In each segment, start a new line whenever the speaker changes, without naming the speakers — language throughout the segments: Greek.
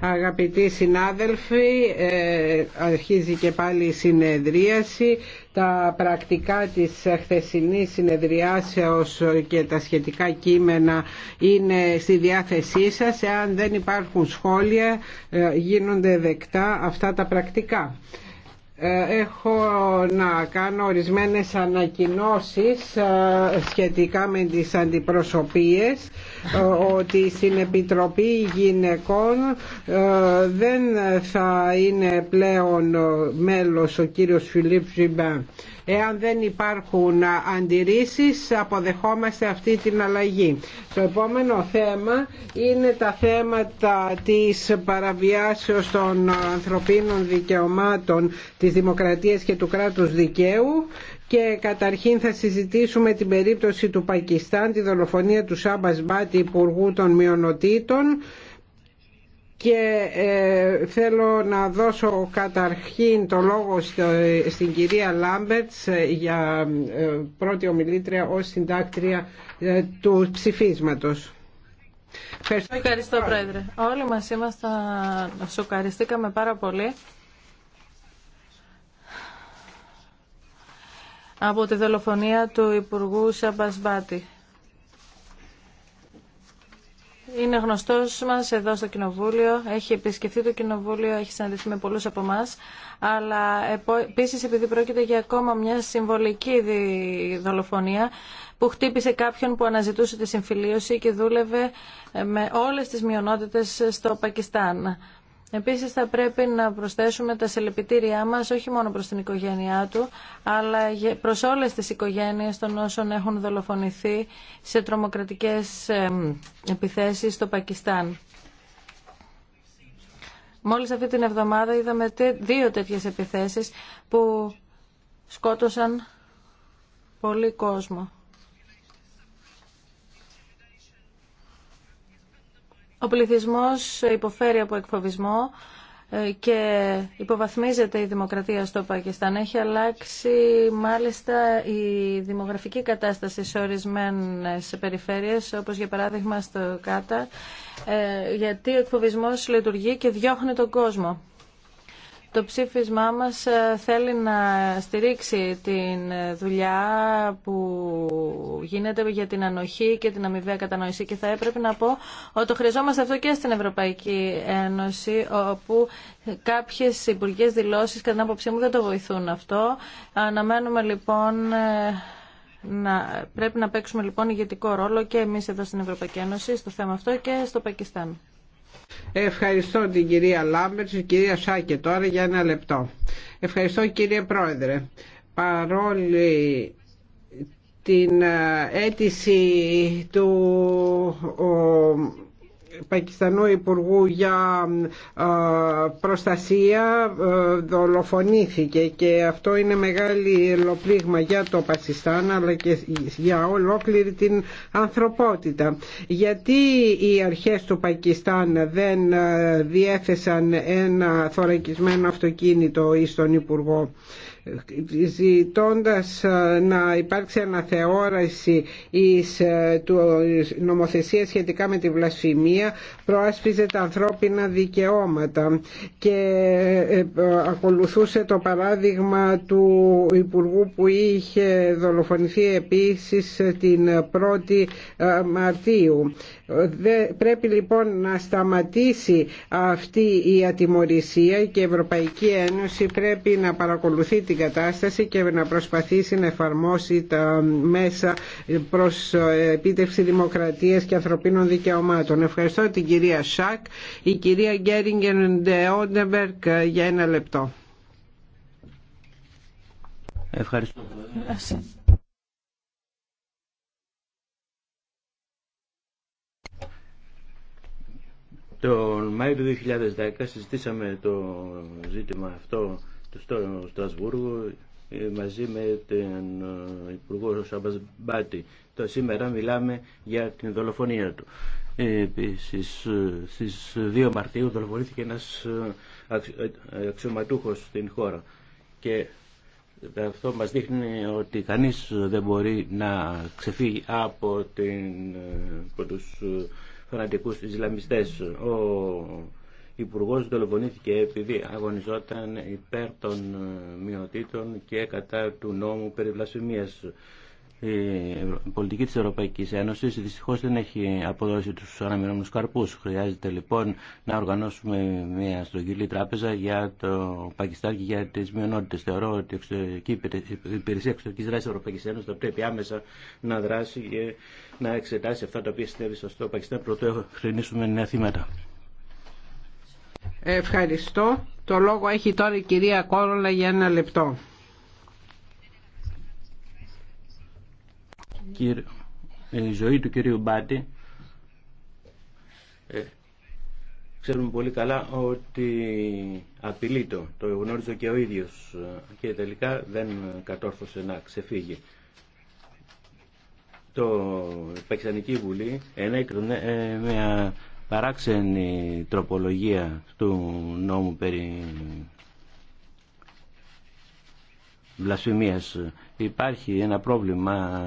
Αγαπητοί συνάδελφοι, ε, αρχίζει και πάλι η συνεδρίαση. Τα πρακτικά της χθεσινής συνεδριάσεως και τα σχετικά κείμενα είναι στη διάθεσή σας. Εάν δεν υπάρχουν σχόλια, ε, γίνονται δεκτά αυτά τα πρακτικά. Ε, έχω να κάνω ορισμένες ανακοινώσεις ε, σχετικά με τις αντιπροσωπείες ε, ότι στην Επιτροπή Γυναικών δεν θα είναι πλέον μέλος ο κύριος Φιλίπ Ζιμπάν. Εάν δεν υπάρχουν αντιρρήσεις αποδεχόμαστε αυτή την αλλαγή. Το επόμενο θέμα είναι τα θέματα της παραβιάσεως των ανθρωπίνων δικαιωμάτων της δημοκρατίας και του κράτους δικαίου και καταρχήν θα συζητήσουμε την περίπτωση του Πακιστάν, τη δολοφονία του Σάμπας Μπάτη, υπουργού των μειονοτήτων και ε, θέλω να δώσω καταρχήν το λόγο στην κυρία Λάμπερτς ε, για ε, πρώτη ομιλήτρια ως συντάκτρια του ψηφίσματος.
Ευχαριστώ, Ευχαριστώ Πρόεδρε. Όλοι μας ήμασταν, ευχαριστήκαμε πάρα πολύ από τη δολοφονία του Υπουργού Σαμπασβάτη είναι γνωστός μας εδώ στο Κοινοβούλιο, έχει επισκεφθεί το Κοινοβούλιο, έχει συναντηθεί με πολλούς από εμά, αλλά επίση επειδή πρόκειται για ακόμα μια συμβολική δολοφονία που χτύπησε κάποιον που αναζητούσε τη συμφιλίωση και δούλευε με όλες τις μειονότητε στο Πακιστάν. Επίσης θα πρέπει να προσθέσουμε τα συλληπιτήριά μας όχι μόνο προς την οικογένειά του, αλλά προς όλες τις οικογένειες των όσων έχουν δολοφονηθεί σε τρομοκρατικές επιθέσεις στο Πακιστάν. Μόλις αυτή την εβδομάδα είδαμε δύο τέτοιες επιθέσεις που σκότωσαν πολύ κόσμο. Ο πληθυσμός υποφέρει από εκφοβισμό ε, και υποβαθμίζεται η δημοκρατία στο Πακιστάν. Έχει αλλάξει μάλιστα η δημογραφική κατάσταση σε ορισμένες περιφέρειες, όπως για παράδειγμα στο Κάτα, ε, γιατί ο εκφοβισμός λειτουργεί και διώχνει τον κόσμο. Το ψήφισμά μας ε, θέλει να στηρίξει την ε, δουλειά που γίνεται για την ανοχή και την αμοιβαία κατανόηση και θα έπρεπε να πω ότι το χρειαζόμαστε αυτό και στην Ευρωπαϊκή Ένωση όπου κάποιες υπουργικές δηλώσεις κατά την άποψή μου δεν το βοηθούν αυτό. Αναμένουμε λοιπόν ε, να, πρέπει να παίξουμε λοιπόν ηγετικό ρόλο και εμείς εδώ στην Ευρωπαϊκή Ένωση στο θέμα αυτό και στο Πακιστάν.
Ευχαριστώ την κυρία Λάμπερτς, την κυρία Σάκη, τώρα για ένα λεπτό. Ευχαριστώ κύριε Πρόεδρε. Παρόλη την ε, αίτηση του Πακιστανού Υπουργού για προστασία δολοφονήθηκε και αυτό είναι μεγάλη ελοπλήγμα για το Πακιστάν αλλά και για ολόκληρη την ανθρωπότητα. Γιατί οι αρχές του Πακιστάν δεν διέθεσαν ένα θωρακισμένο αυτοκίνητο ή στον Υπουργό ζητώντας ε, να υπάρξει αναθεώρηση εις ε, του νομοθεσία σχετικά με τη βλασφημία προάσπιζε τα ανθρώπινα δικαιώματα και ε, ακολουθούσε το παράδειγμα του Υπουργού που είχε δολοφονηθεί επίσης την 1η Μαρτίου. Πρέπει λοιπόν να σταματήσει αυτή η ατιμορρησία και η Ευρωπαϊκή Ένωση πρέπει να παρακολουθεί την κατάσταση και να προσπαθήσει να εφαρμόσει τα μέσα προς ε, επίτευξη δημοκρατίας και ανθρωπίνων δικαιωμάτων. Ευχαριστώ την κυρία Σάκ, η κυρία γκεριγγεν Ντεόντεμπερκ ε, για ένα λεπτό.
Ευχαριστώ. Τον Μάιο του 2010 συζητήσαμε το ζήτημα αυτό στο Στρασβούργο ε, μαζί με τον ε, Υπουργό Σαμπασμπάτη. Το σήμερα μιλάμε για την δολοφονία του. Ε, επίσης, στις 2 Μαρτίου δολοφονήθηκε ένας αξιωματούχος στην χώρα και αυτό μας δείχνει ότι κανείς δεν μπορεί να ξεφύγει από, την, από τους φανατικούς Ισλαμιστές. Ο Υπουργό δολοφονήθηκε επειδή αγωνιζόταν υπέρ των ε, μειωτήτων και κατά του νόμου περί βλασφημίας. Η πολιτική της Ευρωπαϊκής Ένωσης δυστυχώς δεν έχει αποδώσει τους αναμενόμενους καρπούς. Χρειάζεται λοιπόν να οργανώσουμε μια στρογγυλή τράπεζα για το Πακιστάν και για τις μειονότητες. Θεωρώ ότι η Υπηρεσία Εξωτερικής Δράσης Ευρωπαϊκής Ένωσης θα πρέπει άμεσα να δράσει και να εξετάσει αυτά τα οποία συνέβη στο Πακιστάν πρωτού χρηνήσουμε νέα θύματα.
Ευχαριστώ. Το λόγο έχει τώρα η κυρία Κόρολα για ένα λεπτό.
Ε, η ζωή του κυρίου Μπάτη ε, ξέρουμε πολύ καλά ότι απειλεί το, το γνώριζε και ο ίδιος ε, και τελικά δεν κατόρθωσε να ξεφύγει. Το Παξανική Βουλή ενέκρινε μια παράξενη τροπολογία του νόμου περί βλασφημίας. Υπάρχει ένα πρόβλημα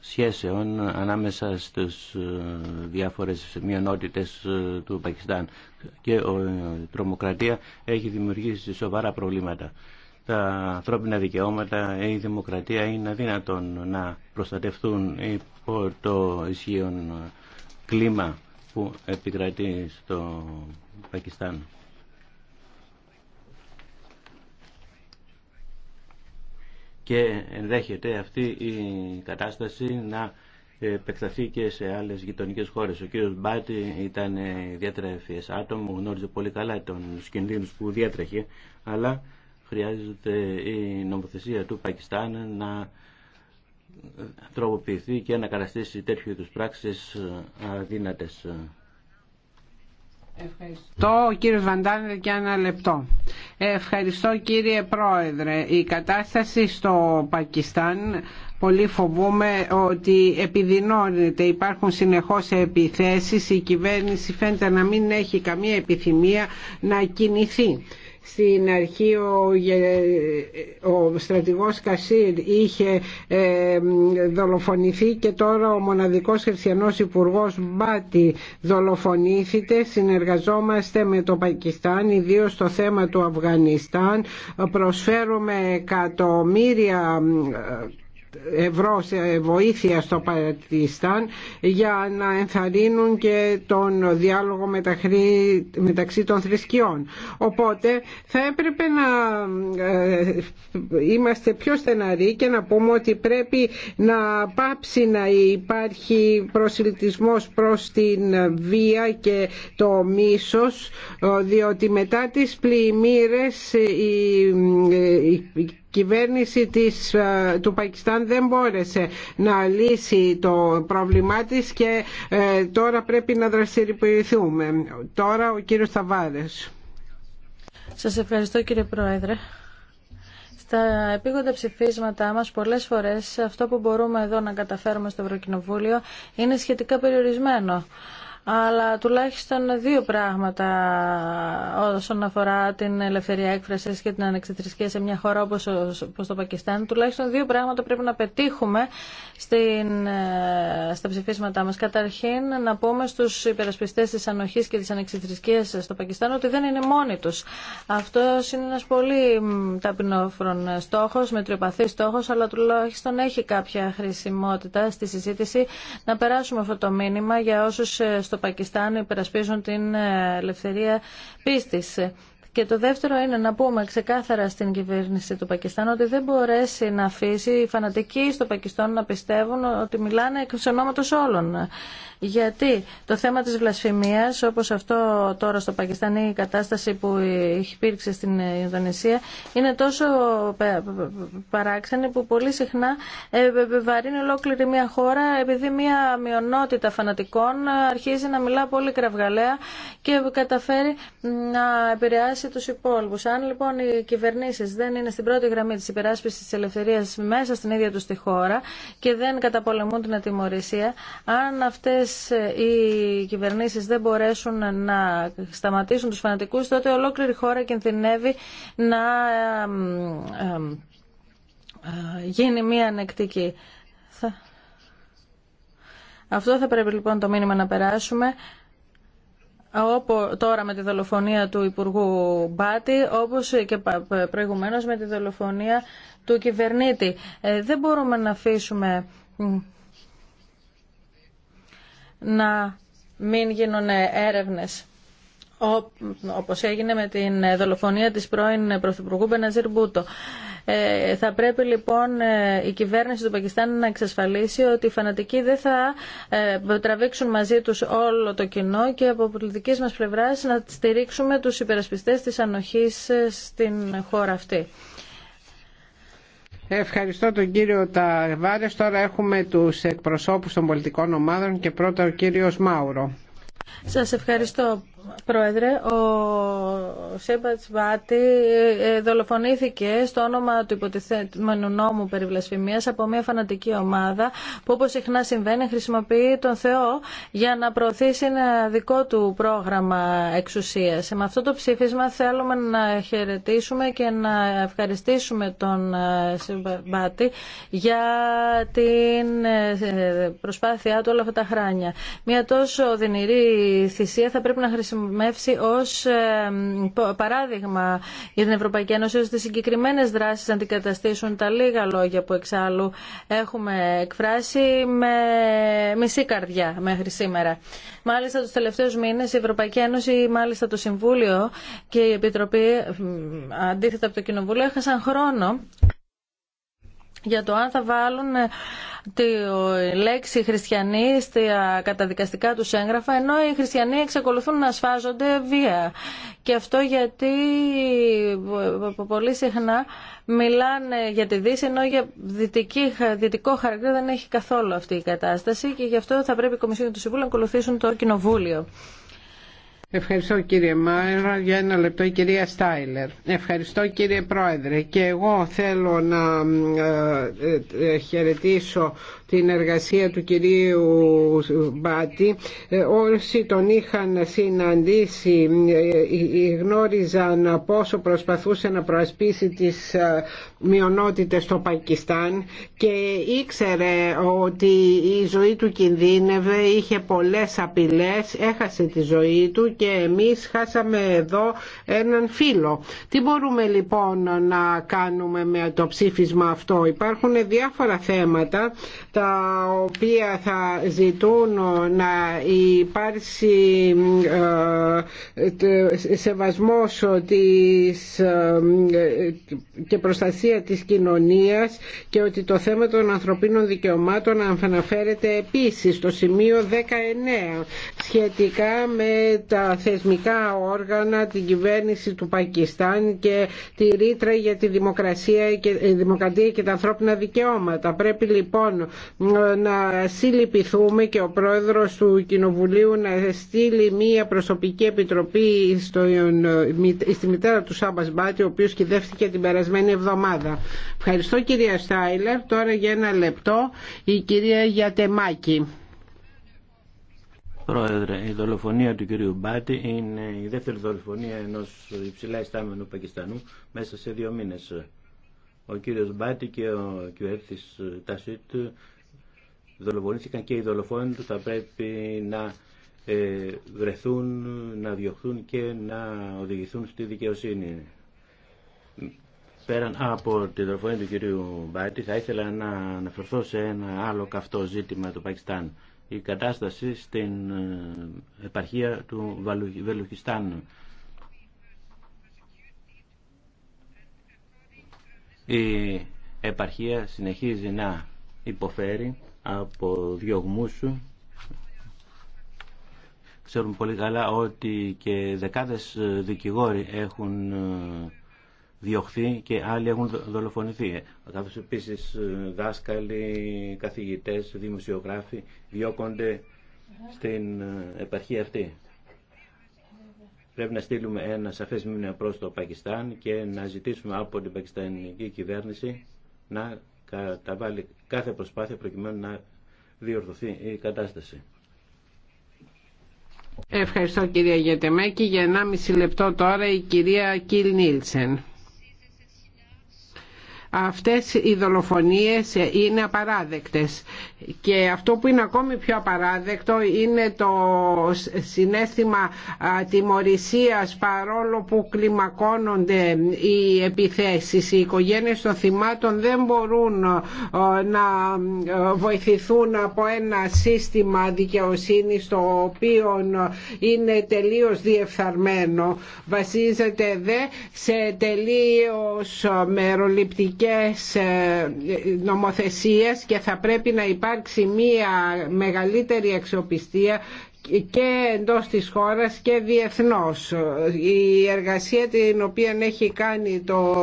σχέσεων ανάμεσα στις ε, διάφορες μειονότητες ε, του Πακιστάν και η ε, τρομοκρατία έχει δημιουργήσει σοβαρά προβλήματα. Τα ανθρώπινα δικαιώματα, η δημοκρατία είναι αδύνατον να προστατευτούν υπό το ισχύον κλίμα που επικρατεί στο Πακιστάν. Και ενδέχεται αυτή η κατάσταση να επεκταθεί και σε άλλες γειτονικές χώρες. Ο κύριος Μπάτη ήταν ιδιαίτερα ευφυές άτομο, γνώριζε πολύ καλά τον κινδύνους που διέτρεχε, αλλά χρειάζεται η νομοθεσία του Πακιστάν να τροποποιηθεί και να καταστήσει τέτοιου είδους πράξεις ε, αδύνατες.
Ευχαριστώ κύριε Βαντάνε για ένα λεπτό. Ευχαριστώ κύριε Πρόεδρε. Η κατάσταση στο Πακιστάν πολύ φοβούμε ότι επιδεινώνεται. Υπάρχουν συνεχώς επιθέσεις. Η κυβέρνηση φαίνεται να μην έχει καμία επιθυμία να κινηθεί στην αρχή ο, ο στρατηγός Κασίρ είχε ε, δολοφονηθεί και τώρα ο μοναδικός χριστιανός υπουργός Μπάτι δολοφονήθηκε. Συνεργαζόμαστε με το Πακιστάν, ιδίω στο θέμα του Αφγανιστάν. Προσφέρουμε εκατομμύρια ε, ευρώ βοήθεια στο Πακιστάν για να ενθαρρύνουν και τον διάλογο μεταξύ των θρησκειών. Οπότε θα έπρεπε να ε, είμαστε πιο στεναροί και να πούμε ότι πρέπει να πάψει να υπάρχει προσιλτισμός προς την βία και το μίσος ε, διότι μετά τις πλημμύρες ε, κυβέρνηση της, του Πακιστάν δεν μπόρεσε να λύσει το πρόβλημά της και ε, τώρα πρέπει να δραστηριοποιηθούμε. Τώρα ο κύριος Σταβάρες.
Σας ευχαριστώ κύριε Πρόεδρε. Στα επίγοντα ψηφίσματά μας πολλές φορές αυτό που μπορούμε εδώ να καταφέρουμε στο Ευρωκοινοβούλιο είναι σχετικά περιορισμένο αλλά τουλάχιστον δύο πράγματα όσον αφορά την ελευθερία έκφραση και την ανεξιθρησκεία σε μια χώρα όπως, το Πακιστάν. Τουλάχιστον δύο πράγματα πρέπει να πετύχουμε στην, ε, στα ψηφίσματά μας. Καταρχήν να πούμε στους υπερασπιστές της ανοχής και της ανεξιθρησκείας στο Πακιστάν ότι δεν είναι μόνοι τους. Αυτό είναι ένας πολύ ταπεινόφρον στόχος, μετριοπαθή στόχος, αλλά τουλάχιστον έχει κάποια χρησιμότητα στη συζήτηση να περάσουμε αυτό το μήνυμα για όσους ε, στο Πακιστάν υπερασπίζουν την ε, ελευθερία πίστης. Και το δεύτερο είναι να πούμε ξεκάθαρα στην κυβέρνηση του Πακιστάν ότι δεν μπορέσει να αφήσει οι φανατικοί στο Πακιστάν να πιστεύουν ότι μιλάνε εξ ονόματο όλων. Γιατί το θέμα της βλασφημίας, όπως αυτό τώρα στο Πακιστάν η κατάσταση που υπήρξε στην Ινδονησία, είναι τόσο παράξενη που πολύ συχνά ε, βαρύνει ολόκληρη μια χώρα επειδή μια μειονότητα φανατικών αρχίζει να μιλά πολύ κραυγαλαία και καταφέρει να επηρεάσει σε του υπόλοιπου. Αν λοιπόν οι κυβερνήσει δεν είναι στην πρώτη γραμμή τη υπεράσπιση τη ελευθερία μέσα στην ίδια του τη χώρα και δεν καταπολεμούν την ατιμορρησία, αν αυτέ ε, οι κυβερνήσει δεν μπορέσουν να σταματήσουν του φανατικού, τότε ολόκληρη χώρα κινδυνεύει να ε, γίνει μία ανεκτική. Αυτό θα πρέπει λοιπόν το μήνυμα να περάσουμε. Όπω τώρα με τη δολοφονία του Υπουργού Μπάτη, όπως και προηγουμένως με τη δολοφονία του κυβερνήτη. Ε, δεν μπορούμε να αφήσουμε να μην γίνουν έρευνες όπως έγινε με την δολοφονία της πρώην Πρωθυπουργού Μπεναζίρ Μπούτο. Ε, θα πρέπει λοιπόν ε, η κυβέρνηση του Πακιστάν να εξασφαλίσει ότι οι φανατικοί δεν θα ε, τραβήξουν μαζί τους όλο το κοινό και από πολιτική μας πλευρά να στηρίξουμε τους υπερασπιστές της ανοχής στην χώρα αυτή.
Ευχαριστώ τον κύριο Ταβάρες. Τώρα έχουμε τους εκπροσώπους των πολιτικών ομάδων και πρώτα ο κύριος Μάουρο.
Σας ευχαριστώ Πρόεδρε, ο Σέμπατς Βάτη ε, ε, δολοφονήθηκε στο όνομα του υποτιθέμενου νόμου περί βλασφημίας από μια φανατική ομάδα που όπως συχνά συμβαίνει χρησιμοποιεί τον Θεό για να προωθήσει ένα δικό του πρόγραμμα εξουσίας. Ε, με αυτό το ψήφισμα θέλουμε να χαιρετήσουμε και να ευχαριστήσουμε τον Βάτη για την προσπάθειά του όλα αυτά τα χρόνια. Μια τόσο δυνηρή θυσία θα πρέπει να χρησιμοποιήσουμε χρησιμεύσει ως ε, παράδειγμα για την Ευρωπαϊκή Ένωση ώστε συγκεκριμένες δράσεις να αντικαταστήσουν τα λίγα λόγια που εξάλλου έχουμε εκφράσει με μισή καρδιά μέχρι σήμερα. Μάλιστα τους τελευταίους μήνες η Ευρωπαϊκή Ένωση, μάλιστα το Συμβούλιο και η Επιτροπή αντίθετα από το Κοινοβούλιο έχασαν χρόνο για το αν θα βάλουν ε, τη λέξη χριστιανοί στα καταδικαστικά τους έγγραφα, ενώ οι χριστιανοί εξακολουθούν να σφάζονται βία. Και αυτό γιατί ε, ε, πολύ συχνά μιλάνε για τη Δύση, ενώ για δυτική, δυτικό χαρακτήρα δεν έχει καθόλου αυτή η κατάσταση και γι' αυτό θα πρέπει η Κομισιόν του το να ακολουθήσουν το Κοινοβούλιο.
Ευχαριστώ κύριε Μάιρα. Για ένα λεπτό η κυρία Στάιλερ. Ευχαριστώ κύριε Πρόεδρε. Και εγώ θέλω να ε, ε, ε, χαιρετήσω την εργασία του κυρίου Μπάτη. Ε, όσοι τον είχαν συναντήσει ε, ε, γνώριζαν πόσο προσπαθούσε να προασπίσει τις μειονότητες στο Πακιστάν και ήξερε ότι η ζωή του κινδύνευε, είχε πολλές απειλές, έχασε τη ζωή του και εμείς χάσαμε εδώ έναν φίλο. Τι μπορούμε λοιπόν να κάνουμε με το ψήφισμα αυτό. Υπάρχουν διάφορα θέματα τα οποία θα ζητούν να υπάρξει ε, σεβασμός της ε, και προστασία της κοινωνίας και ότι το θέμα των ανθρωπίνων δικαιωμάτων αναφέρεται επίσης στο σημείο 19 σχετικά με τα θεσμικά όργανα, την κυβέρνηση του Πακιστάν και τη ρήτρα για τη δημοκρασία και, ε, δημοκρατία και τα ανθρώπινα δικαιώματα. Πρέπει λοιπόν ε, να συλληπιθούμε και ο πρόεδρος του Κοινοβουλίου να στείλει μία προσωπική επιτροπή στο, ε, στη μητέρα του Σάμπας Μπάτη, ο οποίος κυδεύτηκε την περασμένη εβδομάδα. Ευχαριστώ κυρία Στάιλερ. Τώρα για ένα λεπτό η κυρία Γιατεμάκη.
Πρόεδρε, η δολοφονία του κυρίου Μπάτη είναι η δεύτερη δολοφονία ενός υψηλά ιστάμενου Πακιστανού μέσα σε δύο μήνες. Ο κύριος Μπάτη και ο κυβέρνητης Τασίτ δολοφονήθηκαν και οι δολοφόνοι του θα πρέπει να ε, βρεθούν, να διωχθούν και να οδηγηθούν στη δικαιοσύνη. Πέραν από τη δολοφονία του κυρίου Μπάτη θα ήθελα να αναφερθώ σε ένα άλλο καυτό ζήτημα του Πακιστάν η κατάσταση στην ε, επαρχία του Βελουχιστάν Η επαρχία συνεχίζει να υποφέρει από διωγμούς Ξέρουμε πολύ καλά ότι και δεκάδες δικηγόροι έχουν ε, διωχθεί και άλλοι έχουν δολοφονηθεί. Καθώς επίσης ε, δάσκαλοι, καθηγητές, δημοσιογράφοι διώκονται στην ε, επαρχία αυτή. Πρέπει να στείλουμε ένα σαφές μήνυμα προς το Πακιστάν και να ζητήσουμε από την πακιστανική κυβέρνηση να καταβάλει κάθε προσπάθεια προκειμένου να διορθωθεί η κατάσταση.
Ευχαριστώ κυρία Γετεμέκη. Για 1,5 λεπτό τώρα η κυρία Κιλ Νίλσεν αυτές οι δολοφονίες είναι απαράδεκτες και αυτό που είναι ακόμη πιο απαράδεκτο είναι το συνέστημα τιμωρησίας παρόλο που κλιμακώνονται οι επιθέσεις οι οικογένειες των θυμάτων δεν μπορούν να βοηθηθούν από ένα σύστημα δικαιοσύνης το οποίο είναι τελείως διεφθαρμένο βασίζεται δε σε τελείως μεροληπτική εθνικές ε, νομοθεσίες και θα πρέπει να υπάρξει μία μεγαλύτερη εξοπιστία και εντός της χώρας και διεθνώς. Η εργασία την οποία έχει κάνει το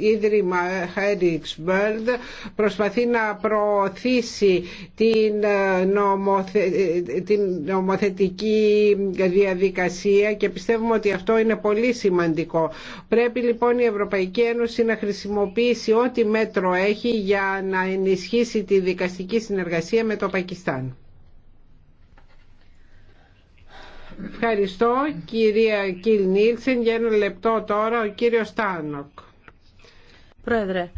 Ίδρυμα Heringsberg προσπαθεί να προωθήσει την, την νομοθετική διαδικασία και πιστεύουμε ότι αυτό είναι πολύ σημαντικό. Πρέπει λοιπόν η Ευρωπαϊκή Ένωση να χρησιμοποιήσει ό,τι μέτρο έχει για να ενισχύσει τη δικαστική συνεργασία με το Πακιστάν. Ευχαριστώ κυρία Κιλ Νίλσεν. Για ένα λεπτό τώρα ο κύριος Τάνοκ.
Πρόεδρε,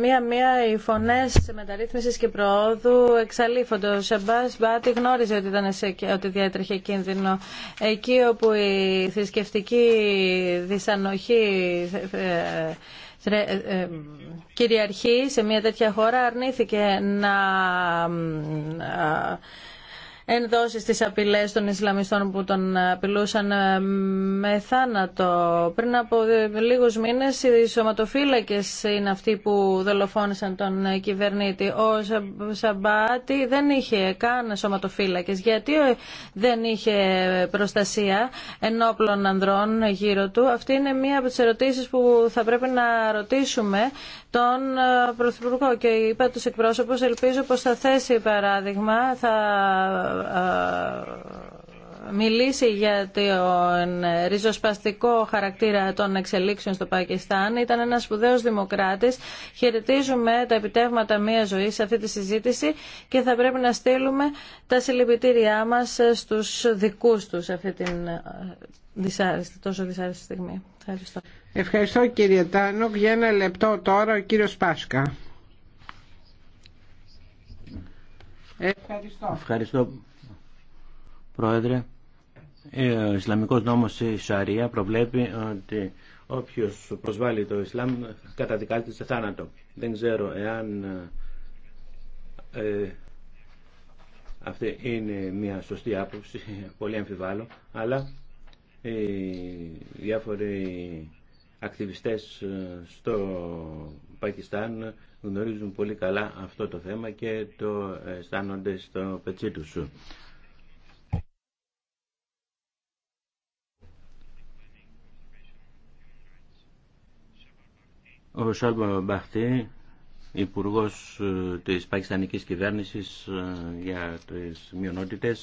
μία μία οι φωνέ μεταρρύθμιση και προόδου εξαλείφονται. Ο Σεμπά Μπάτι γνώριζε ότι, ήταν ότι διέτρεχε κίνδυνο. Εκεί όπου η θρησκευτική δυσανοχή ε, ε, ε, κυριαρχεί σε μια τέτοια χώρα αρνήθηκε να ενδώσει στις απειλές των Ισλαμιστών που τον απειλούσαν ε, με θάνατο. Πριν από ε, λίγους μήνες οι σωματοφύλακες είναι αυτοί που δολοφόνησαν τον ε, κυβερνήτη. Ο Σαμπάτη δεν είχε καν σωματοφύλακες γιατί δεν είχε προστασία ενόπλων ανδρών γύρω του. Αυτή είναι μία από τις ερωτήσεις που θα πρέπει να ρωτήσουμε τον ε, Πρωθυπουργό και είπα τους εκπρόσωπους ελπίζω πως θα θέσει παράδειγμα θα ε, μιλήσει για τον ριζοσπαστικό χαρακτήρα των εξελίξεων στο Πακιστάν. Ήταν ένας σπουδαίος δημοκράτης. Χαιρετίζουμε τα επιτεύγματα μία ζωή σε αυτή τη συζήτηση και θα πρέπει να στείλουμε τα συλληπιτήριά μας στους δικούς τους αυτή την ε, δυσάρεστη, τόσο δυσάρεστη στιγμή. Ευχαριστώ.
Ευχαριστώ κύριε Τάνοκ. Για ένα λεπτό τώρα ο κύριος Πάσκα.
Ευχαριστώ.
Ευχαριστώ, Πρόεδρε. Ε, ο Ισλαμικός νόμος η Σαρία προβλέπει ότι όποιος προσβάλλει το Ισλάμ καταδικάζεται σε θάνατο. Δεν ξέρω εάν ε, αυτή είναι μια σωστή άποψη, πολύ αμφιβάλλω, αλλά οι διάφοροι ακτιβιστές ε, στο Πακιστάν γνωρίζουν πολύ καλά αυτό το θέμα και το αισθάνονται στο πετσί τους. Ο Σάμπα Μπαχτή, υπουργό της Πακιστανική κυβέρνησης ε, για τις μειονότητε,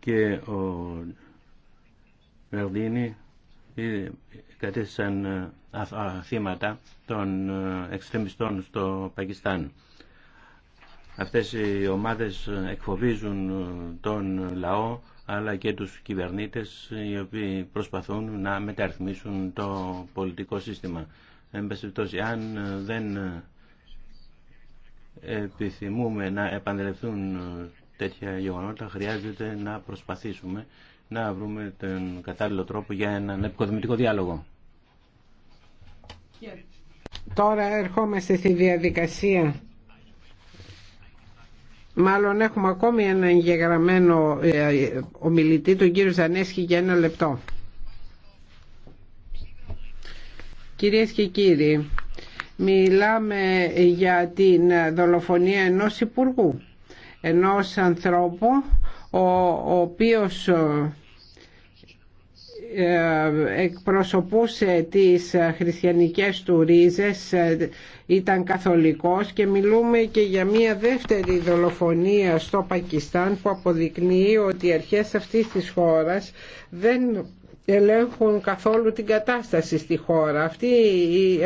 και ο Μερδίνη ε, κατέστησαν ε, θύματα των εξτρεμιστών στο Πακιστάν. Αυτές οι ομάδες εκφοβίζουν τον λαό αλλά και τους κυβερνήτες οι οποίοι προσπαθούν να μεταρρυθμίσουν το πολιτικό σύστημα. Εν αν ε, δεν ε, επιθυμούμε να επανδρευτούν ε, τέτοια γεγονότα, χρειάζεται να προσπαθήσουμε να βρούμε τον κατάλληλο τρόπο για έναν επικοδημητικό διάλογο.
Τώρα ερχόμαστε στη διαδικασία. Μάλλον έχουμε ακόμη έναν εγγεγραμμένο ομιλητή, τον κύριο Ζανέσχη, για ένα λεπτό. Κυρίες και κύριοι, μιλάμε για την δολοφονία ενός υπουργού, ενός ανθρώπου ο, ο οποίος ε, εκπροσωπούσε τις χριστιανικές του ρίζες, ε, ήταν καθολικός και μιλούμε και για μια δεύτερη δολοφονία στο Πακιστάν που αποδεικνύει ότι οι αρχές αυτής της χώρας δεν ελέγχουν καθόλου την κατάσταση στη χώρα. Αυτή,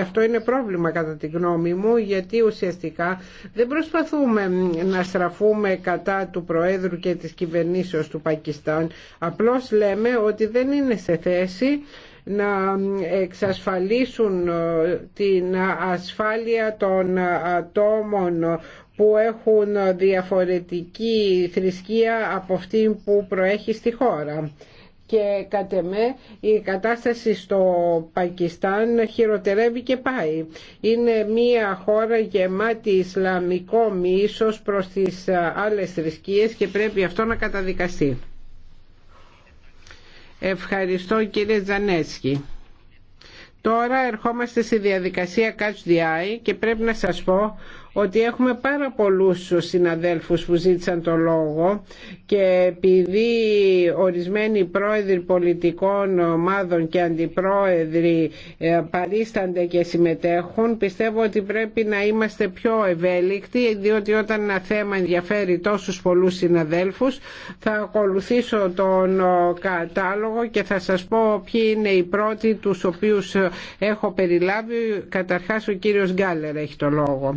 αυτό είναι πρόβλημα κατά τη γνώμη μου γιατί ουσιαστικά δεν προσπαθούμε να στραφούμε κατά του Προέδρου και της κυβερνήσεως του Πακιστάν. Απλώς λέμε ότι δεν είναι σε θέση να εξασφαλίσουν ε, την ασφάλεια των ατόμων που έχουν διαφορετική θρησκεία από αυτή που προέχει στη χώρα και κατ' εμέ η κατάσταση στο Πακιστάν χειροτερεύει και πάει. Είναι μια χώρα γεμάτη Ισλαμικό μίσος προς τις ε, άλλες θρησκείες και πρέπει αυτό να καταδικαστεί. Ευχαριστώ κύριε Τζανέσκι. Τώρα ερχόμαστε στη διαδικασία Catch the και πρέπει να σας πω ότι έχουμε πάρα πολλούς συναδέλφους που ζήτησαν το λόγο και επειδή ορισμένοι πρόεδροι πολιτικών ομάδων και αντιπρόεδροι ε, παρίστανται και συμμετέχουν πιστεύω ότι πρέπει να είμαστε πιο ευέλικτοι διότι όταν ένα θέμα ενδιαφέρει τόσους πολλούς συναδέλφους θα ακολουθήσω τον ε, κατάλογο και θα σας πω ποιοι είναι οι πρώτοι τους οποίους ε, έχω περιλάβει καταρχάς ο κύριος Γκάλερ έχει το λόγο.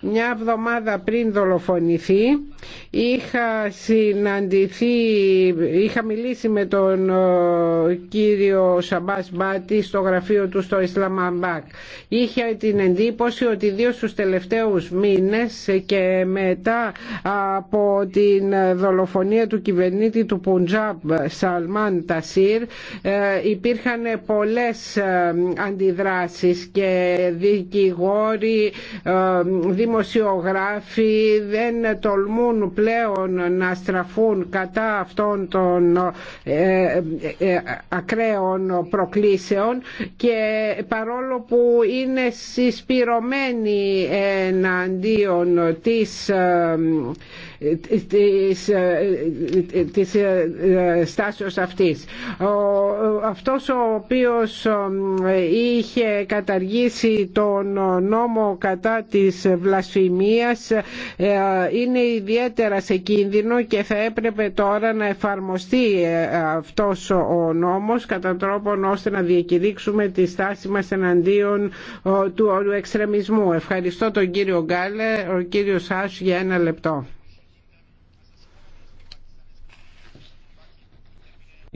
μια εβδομάδα πριν δολοφονηθεί είχα συναντηθεί είχα μιλήσει με τον ε, κύριο Σαμπάς Μπάτη στο γραφείο του στο Ισλαμαμπάκ είχε την εντύπωση ότι δύο στους τελευταίους μήνες και μετά από την δολοφονία του κυβερνήτη του Πουντζάμπ Σαλμάν Τασίρ ε, υπήρχαν πολλές ε, αντιδράσεις και δικηγόροι δημοσιογράφοι δεν τολμούν πλέον να στραφούν κατά αυτών των ε, ε, ε, ακραίων προκλήσεων και παρόλο που είναι συσπηρωμένοι εναντίον της της, ε, ε, της ε, στάσεως αυτής. Αυτός ο οποίος είχε καταργήσει τον νόμο κατά της βλασφημίας είναι ιδιαίτερα σε κίνδυνο και θα έπρεπε τώρα να εφαρμοστεί αυτός ο νόμος κατά τρόπον ώστε να διακηρύξουμε τη στάση μας εναντίον του εξτρεμισμού. Ευχαριστώ τον κύριο Γκάλε, ο κύριος Άσου για ένα λεπτό.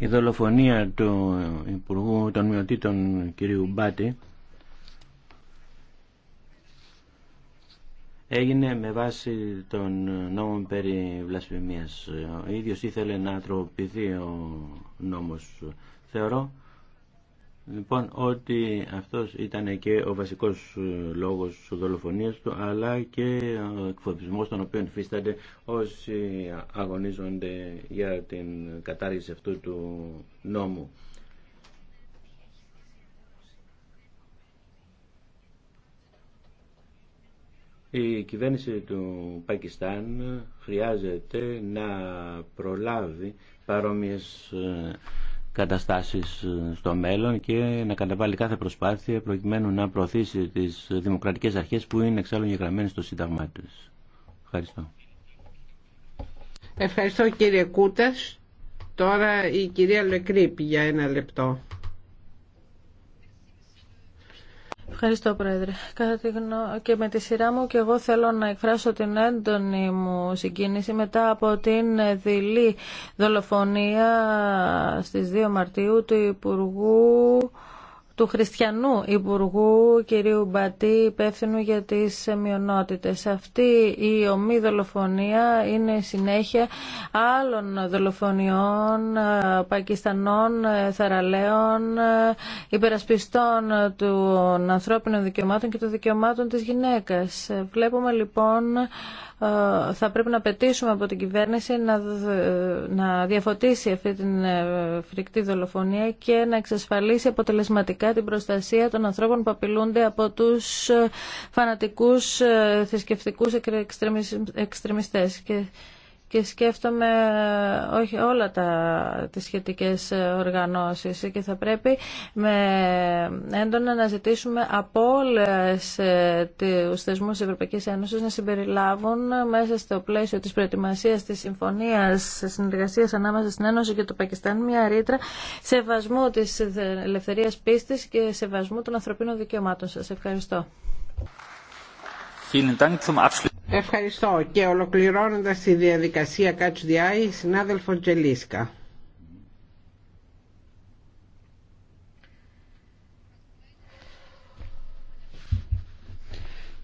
Η δολοφονία του Υπουργού των Μειοτήτων κ. Μπάτη έγινε με βάση τον νόμο περί βλασφημίας. Ο ίδιος ήθελε να τροποποιηθεί ο νόμος. Θεωρώ Λοιπόν, ότι αυτός ήταν και ο βασικός ε, λόγος του δολοφονίας του, αλλά και ο εκφοβισμός τον οποίο υφίστανται όσοι αγωνίζονται για την κατάργηση αυτού του νόμου. Η κυβέρνηση του Πακιστάν χρειάζεται να προλάβει παρόμοιες ε, καταστάσεις ε, στο μέλλον και να καταβάλει κάθε προσπάθεια προκειμένου να προωθήσει τις δημοκρατικές αρχές που είναι εξάλλου γεγραμμένες στο Σύνταγμά της. Ευχαριστώ.
Ευχαριστώ κύριε Κούτας. Τώρα η κυρία Λεκρύπη για ένα λεπτό.
Ευχαριστώ, Πρόεδρε. Και με τη σειρά μου και εγώ θέλω να εκφράσω την έντονη μου συγκίνηση μετά από την δειλή δολοφονία στις 2 Μαρτίου του Υπουργού του χριστιανού υπουργού κ. Μπατή υπεύθυνου για τις μειονότητες. Αυτή η ομή δολοφονία είναι συνέχεια άλλων δολοφονιών, ε, Πακιστανών, ε, Θαραλέων, ε, υπερασπιστών των ανθρώπινων δικαιωμάτων και των δικαιωμάτων της γυναίκας. Βλέπουμε λοιπόν ε, θα πρέπει να πετήσουμε από την κυβέρνηση να, ε, να διαφωτίσει αυτή την ε, φρικτή δολοφονία και να εξασφαλίσει αποτελεσματικά την προστασία των ανθρώπων που απειλούνται από τους φανατικούς θρησκευτικούς εξτρεμιστές. Και και σκέφτομαι ε, όχι όλα τα, τις σχετικές ε, οργανώσεις και θα πρέπει με έντονα να ζητήσουμε από όλες ε, τους θεσμούς της Ευρωπαϊκής Ένωσης να συμπεριλάβουν μέσα στο πλαίσιο της προετοιμασίας της συμφωνίας συνεργασίας ανάμεσα στην Ένωση και το Πακιστάν μια ρήτρα σεβασμού της ελευθερίας πίστης και σεβασμού των ανθρωπίνων δικαιωμάτων. Σας ευχαριστώ. Ευχαριστώ
και ολοκληρώνοντας τη διαδικασία the Eye, συνάδελφο Τζελίσκα.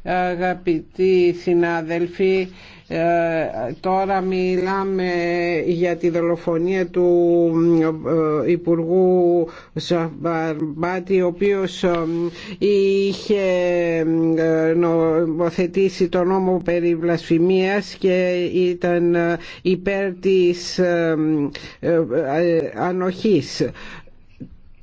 Αγαπητοί συνάδελφοι, ε, τώρα μιλάμε για τη δολοφονία του ε, Υπουργού Σαμπάτη ο οποίος ε, είχε νομοθετήσει το νόμο περί βλασφημίας και ήταν υπέρ της ανοχής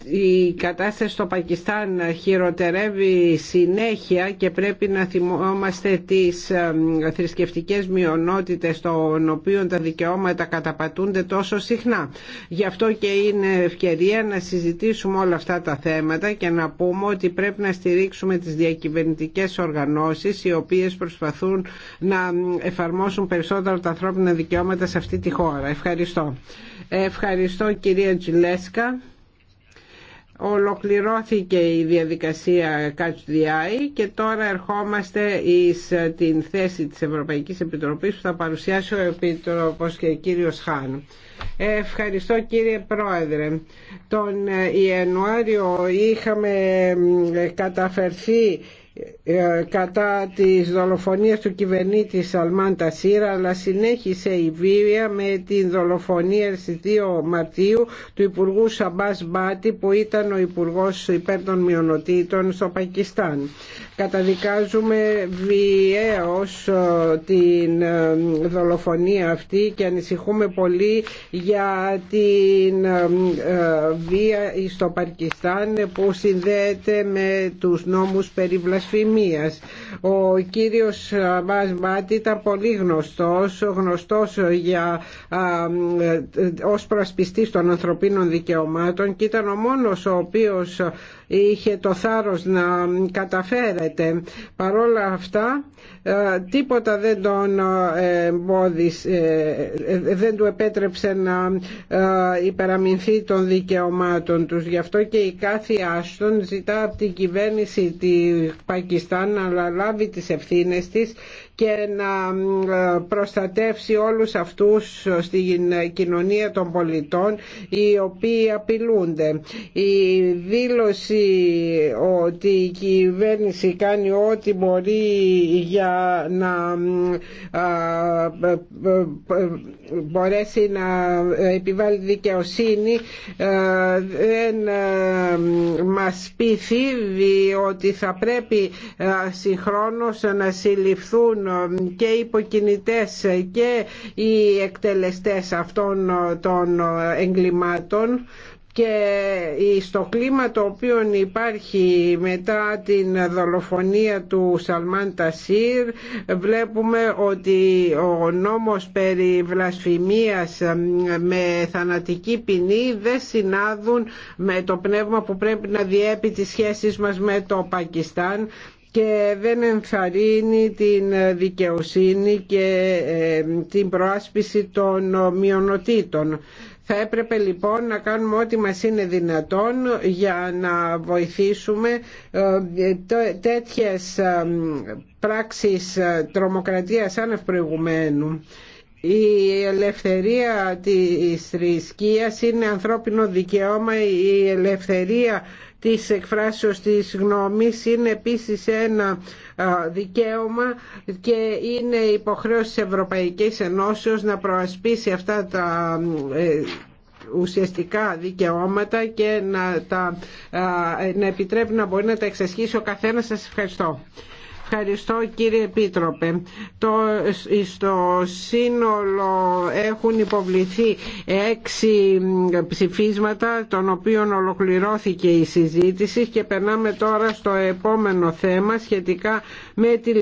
η κατάσταση στο Πακιστάν χειροτερεύει συνέχεια και πρέπει να θυμόμαστε τις ε, θρησκευτικές μειονότητες των οποίων τα δικαιώματα καταπατούνται τόσο συχνά. Γι' αυτό και είναι ευκαιρία να συζητήσουμε όλα αυτά τα θέματα και να πούμε ότι πρέπει να στηρίξουμε τις διακυβερνητικές οργανώσεις οι οποίες προσπαθούν να εφαρμόσουν περισσότερο τα ανθρώπινα δικαιώματα σε αυτή τη χώρα. Ευχαριστώ. Ευχαριστώ κυρία Τζιλέσκα ολοκληρώθηκε η διαδικασία Eye και τώρα ερχόμαστε εις ε, την θέση της Ευρωπαϊκής Επιτροπής που θα παρουσιάσει ο Επίτροπος και κύριος Χάν. Ευχαριστώ κύριε Πρόεδρε. Τον ε, Ιανουάριο είχαμε ε, καταφερθεί ε, κατά της δολοφονίας του κυβερνήτη Σαλμάν Τασίρα αλλά συνέχισε η βία με την δολοφονία στις 2 Μαρτίου του Υπουργού Σαμπάς Μπάτη που ήταν ο Υπουργός υπέρ των μειονοτήτων στο Πακιστάν. Καταδικάζουμε βιαίως ε, την ε, δολοφονία αυτή και ανησυχούμε πολύ για την βία στο Πακιστάν που συνδέεται με τους νόμους περί βλασφημίας. Ο κύριος Αμπάς ήταν πολύ γνωστός, γνωστός για, α, ε, ως των ανθρωπίνων δικαιωμάτων και ήταν ο μόνος ο οποίος είχε το θάρρος να καταφέρεται. Παρόλα αυτά ε, τίποτα δεν τον ε, εμπόδισε, ε, δεν του επέτρεψε να υπεραμεινθεί των δικαιωμάτων τους. Γι' αυτό και η κάθε Άστον ζητά από την κυβέρνηση τη Πακιστάν να λάβει τις ευθύνες της και να ε, προστατεύσει όλους αυτούς στην κοινωνία των πολιτών οι οποίοι απειλούνται. Η δήλωση ότι η κυβέρνηση κάνει ό,τι μπορεί για να μπορέσει να επιβάλλει δικαιοσύνη ε, δεν ε, μας πείθει ότι θα πρέπει συγχρόνως να συλληφθούν ε, και οι υποκινητές και οι εκτελεστές αυτών ε, των ε, εγκλημάτων και στο κλίμα το οποίο υπάρχει μετά την δολοφονία του Σαλμάν Τασίρ βλέπουμε ότι ο νόμος περί βλασφημίας με θανατική ποινή δεν συνάδουν με το πνεύμα που πρέπει να διέπει τις σχέσεις μας με το Πακιστάν και δεν ενθαρρύνει την δικαιοσύνη και ε, την προάσπιση των μειονοτήτων. Θα έπρεπε λοιπόν να κάνουμε ό,τι μας είναι δυνατόν για να βοηθήσουμε ε, τέτοιες ε, πράξεις τρομοκρατίας άνευ προηγουμένου. Η ελευθερία της θρησκείας είναι ανθρώπινο δικαίωμα, η ελευθερία της εκφράσεως της γνώμης είναι επίσης ένα δικαίωμα και είναι υποχρέωση της Ευρωπαϊκής Ενώσεως να προασπίσει αυτά τα ε, ουσιαστικά δικαιώματα και να, τα, να επιτρέπει να μπορεί να τα εξασχίσει ο καθένας. Σας ευχαριστώ. Ευχαριστώ κύριε Επίτροπε. Το, στο σύνολο έχουν υποβληθεί έξι ψηφίσματα των οποίων ολοκληρώθηκε η συζήτηση και περνάμε τώρα στο επόμενο θέμα σχετικά με τη